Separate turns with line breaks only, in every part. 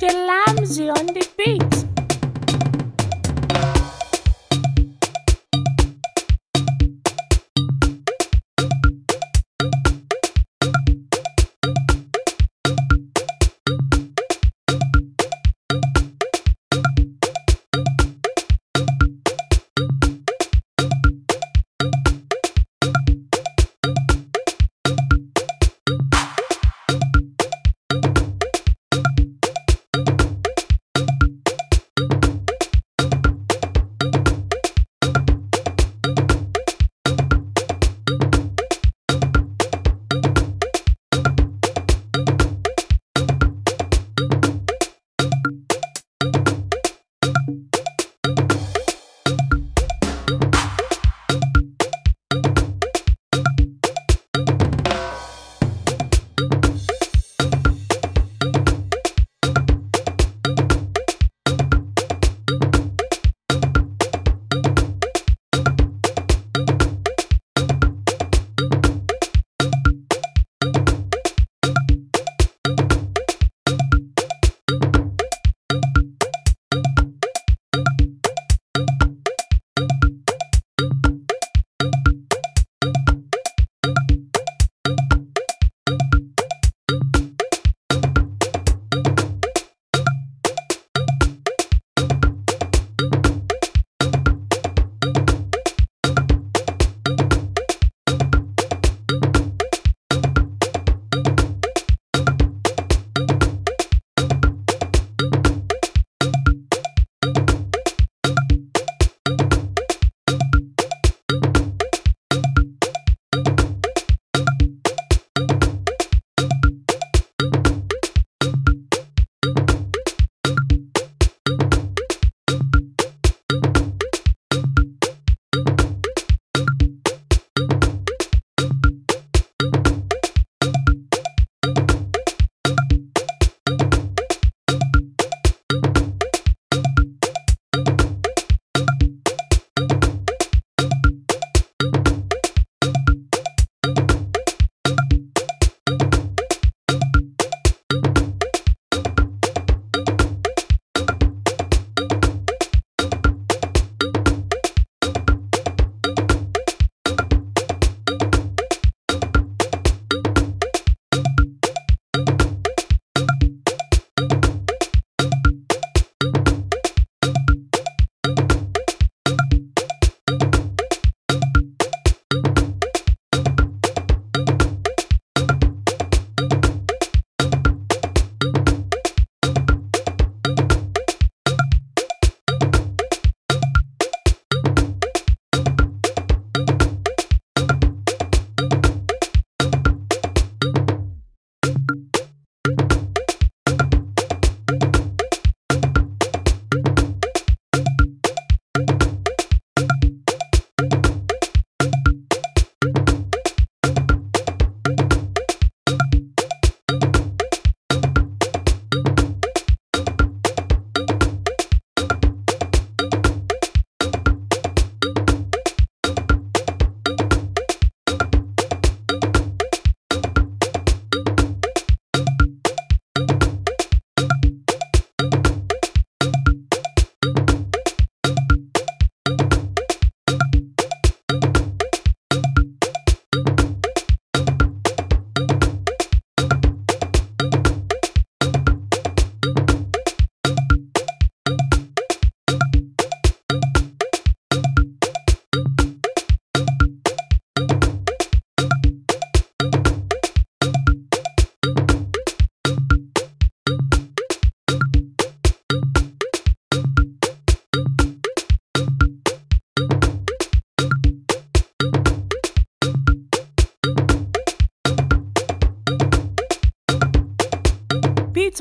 DJ Lamzy on the beat.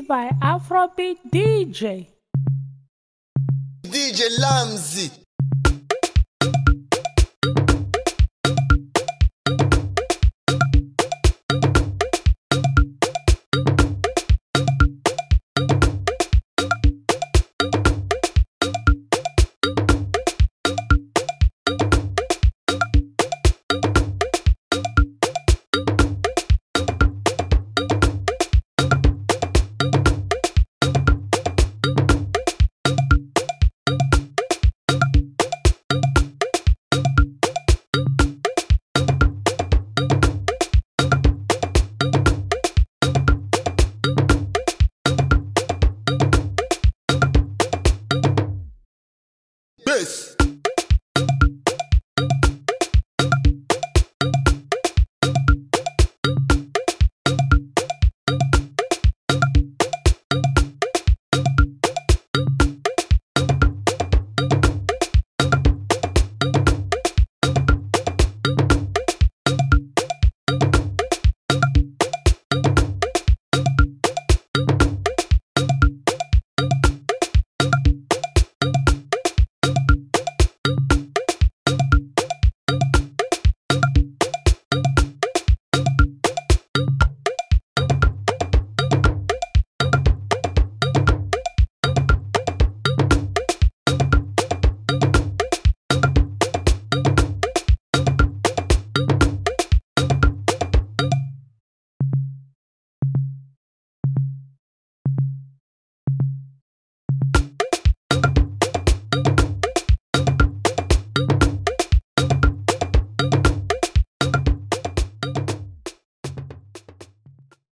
by Afrobeat DJ. DJ Lamzi.